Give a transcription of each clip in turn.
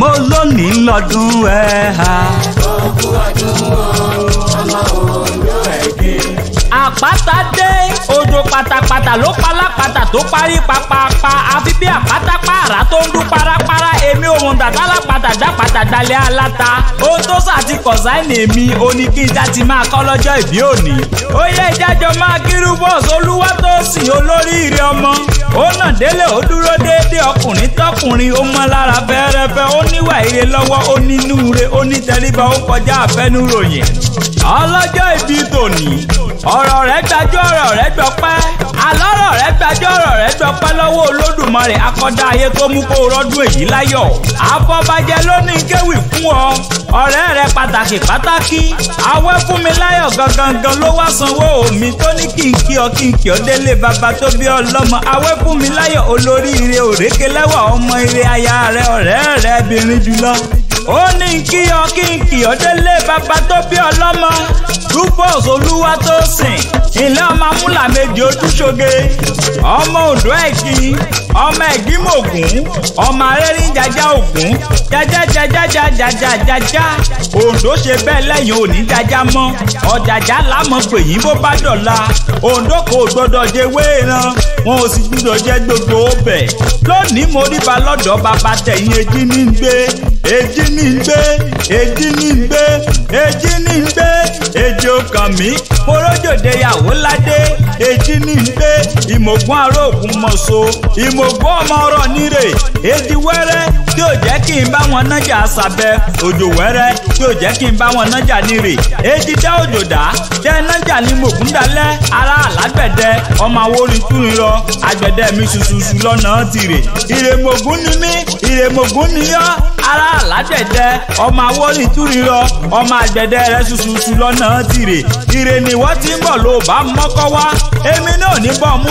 mo lónìí lọ́dún ẹ̀ ha. ogún ọdún ọ̀run ọmọ òòlù ẹ̀gbẹ́. àpáta dé odò pátápátá ló palápátá tó parí papapa àfi bí àpáta pààrà tó ń dún parapara èmi òun dàda alápatà dápatà dalẹ̀ aláta ó tó sàti kọ̀sáìnì mi ó ní kí n já ti máa kọ́ lọ́jọ́ ìbí òní. ó yẹ ìjájọ máa kírú bọ́ọ̀sì olúwa tó sìn olóríire ọmọ ó nà délé ó dúró dé ọkùnrin tọkùnrin ó mọ lára fẹ́rẹ́fẹ́ ó nígbà ire lọ́wọ́ ó nínúure ó ní tẹríba ó kọjá àfẹnuròyìn. ọlọ́jọ́ ìbí tòní ọ̀rọ̀ rẹ̀ gbajú ọ̀rọ̀ rẹ̀ gbọpẹ́ alọ́rọ̀ rẹ̀ gbajú ọ̀rọ̀ rẹ̀ gbọpẹ́ lọ́wọ́ olódùmarè akọ́dá ayé tó mú kó rọ́dún èyí láyọ̀. àfọbàjẹ́ ló ní kéwì fún ọ ọ̀rẹ́ rẹ pàtàkì pàtàkì awẹ́ fún mi láyọ̀ gangan ló wá sanwó mi tó ní kí n kí ọ kí n kí ọ délé bàbá tó bí ọlọ́mọ awẹ́ fún mi láyọ̀ olóríire òrékelẹ́wà ọmọ ire aya rẹ ọ̀rẹ́ rẹ bìnrin you love me. ó ní kí ọ kí n kì ọ délé bàbá tó bí ọlọ́mọ rufus olúwa tó sìn ilé ọmọ amúlàmejì ojúṣoge ọmọ òdó ẹ̀kí ọmọ ẹ̀gbímògún ọmọ arẹ́rìn jaja ògún jaja jaja jaja jaja Ondo ṣe bẹ́ẹ̀ lẹ́yìn òní jaja mọ́ ọ̀jàjà lámọ̀ pè yín bó bá dọ̀la òǹdó kò gbọ́dọ̀ jẹ wéèrán wọn ò sì gbọ́dọ̀ jẹ gbogbo ọbẹ̀ lónìí mo rí ba bàbá tẹ̀yìn ejí ní gbé èjínigbé èjínigbé èjínigbé èjì ọkàn mi forójòdeyàwó ládé èjínigbé. ìmọ̀gbọ́n àárọ̀ ògùn mọ̀ṣọ́ ìmọ̀gbọ́n ọmọ ọ̀rọ̀ níre èdè wẹ́rẹ́ tí ò jẹ́ kí n bá wọn nájà sàbẹ̀ òjò wẹ́rẹ́ tí ò jẹ́ kí n bá wọn nájà níre èdè dá òjò dá tẹ́ nájà ní mògùn dalẹ̀ ara àlágbẹ̀dẹ ọmọ awórin túrin lọ mi ṣuṣuṣu lọ́nà tìrè ni mí ni ara àlágbẹ̀dẹ ọmọ lọ ọmọ rẹ ṣuṣuṣu lọ́nà tìrè ìrè ti ń bọ̀ mọ́kọ́ wá èmi náà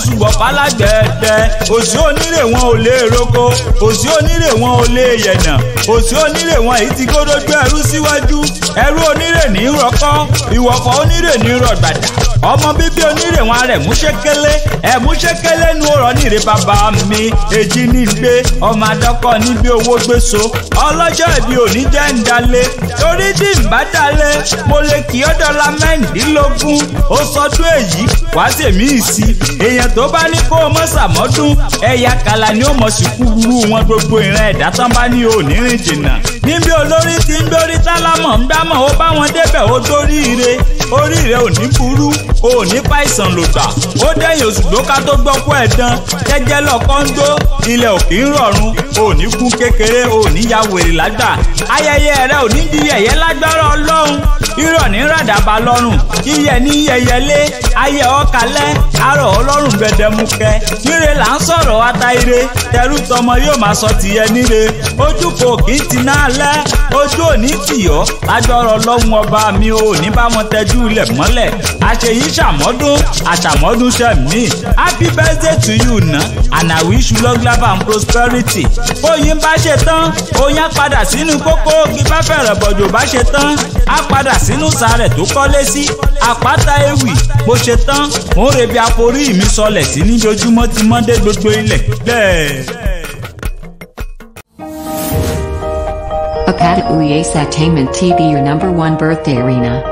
oṣù ọ̀fàlágbẹ̀ẹ́gbẹ́ òsì onírè wọn ò lè roko òsì onírè wọn ò lè yẹ̀nà òsì onírè wọn èyí ti kódójú ẹrú síwájú ẹrú onírè ní rọkọ ìwọ̀fọ̀ onírè ní rọgbàdà ọmọ bíbí onírè wọn rẹ̀ múṣẹ́kẹ́lé ẹ̀ múṣẹ́kẹ́lé nu ọ̀rọ̀ nírè bàbá mi èjì ní gbé ọmọ adọ́kọ níbi owó gbèsò ọlọ́jọ́ ìbí òní jẹ́ ń dalẹ̀ torí bí ń bá dalẹ̀ mo lè kí ọ́dọ́lá mẹ́rìndínlógún ó sọdún èyí wá tèmi ìsí èèyàn èèyàn tó bá ní kó o mọ̀ sàmọ́dún ẹ̀yà kàlà ni ó mọ̀ sí kúrú wọn gbogbo ìran ẹ̀dá tán bá ní ònírin jìnnà níbi olórí ti ń gbórí tálámọ̀ ń dámọ̀ ó bá wọn débẹ̀ ó dóríire orí rẹ ò ní burú o ní pàìsàn ló gbà ó dẹ̀yìn oṣù tó ká tó gbọ́kú ẹ̀ jẹ́jẹ́ lọ́kọ́ ń gbó ilẹ̀ òkè ń rọ̀rùn o ní kú kékeré o ní ya wèrè lágbà ayẹyẹ rẹ ò ní di yẹ̀yẹ́ lágbára ọlọ́run irọ́ ní ràdàbà lọ́rùn iyẹ̀ ní yẹ̀yẹ́lé ayẹ ọkàlẹ́ arọ̀ ọlọ́run gbẹdẹmukẹ níre là ń sọ̀rọ̀ ataire tẹrú tọmọ yóò máa sọ tìyẹ níre ojú kò kì í ti náà lẹ́ ojú ò ní tìyọ́ lájọ́rọ̀ ọlọ́run ọba mi ò ní bá wọn tẹjú ilẹ̀ mọ́lẹ̀ àṣeyí ṣàmọ́dún àṣàmọ́dún ṣẹ̀mí happy birthday to you na and I wish you long life and prosperity. bóyin bá ṣe tán oyin á padà sínú kókó ogi bá fẹ̀rẹ̀ bọ̀jọ̀ bá ṣe tán á padà sínú sàárẹ̀ tó kọ́lé sí àpáta ewì bó ṣe tán mò ń rebi àforí mi sọlẹ̀ sí níjojúmọ́ ti mọ́dé gbogbo ilẹ̀ bẹ́ẹ̀. Akata Uye Satainment TV, your number one birthday arena.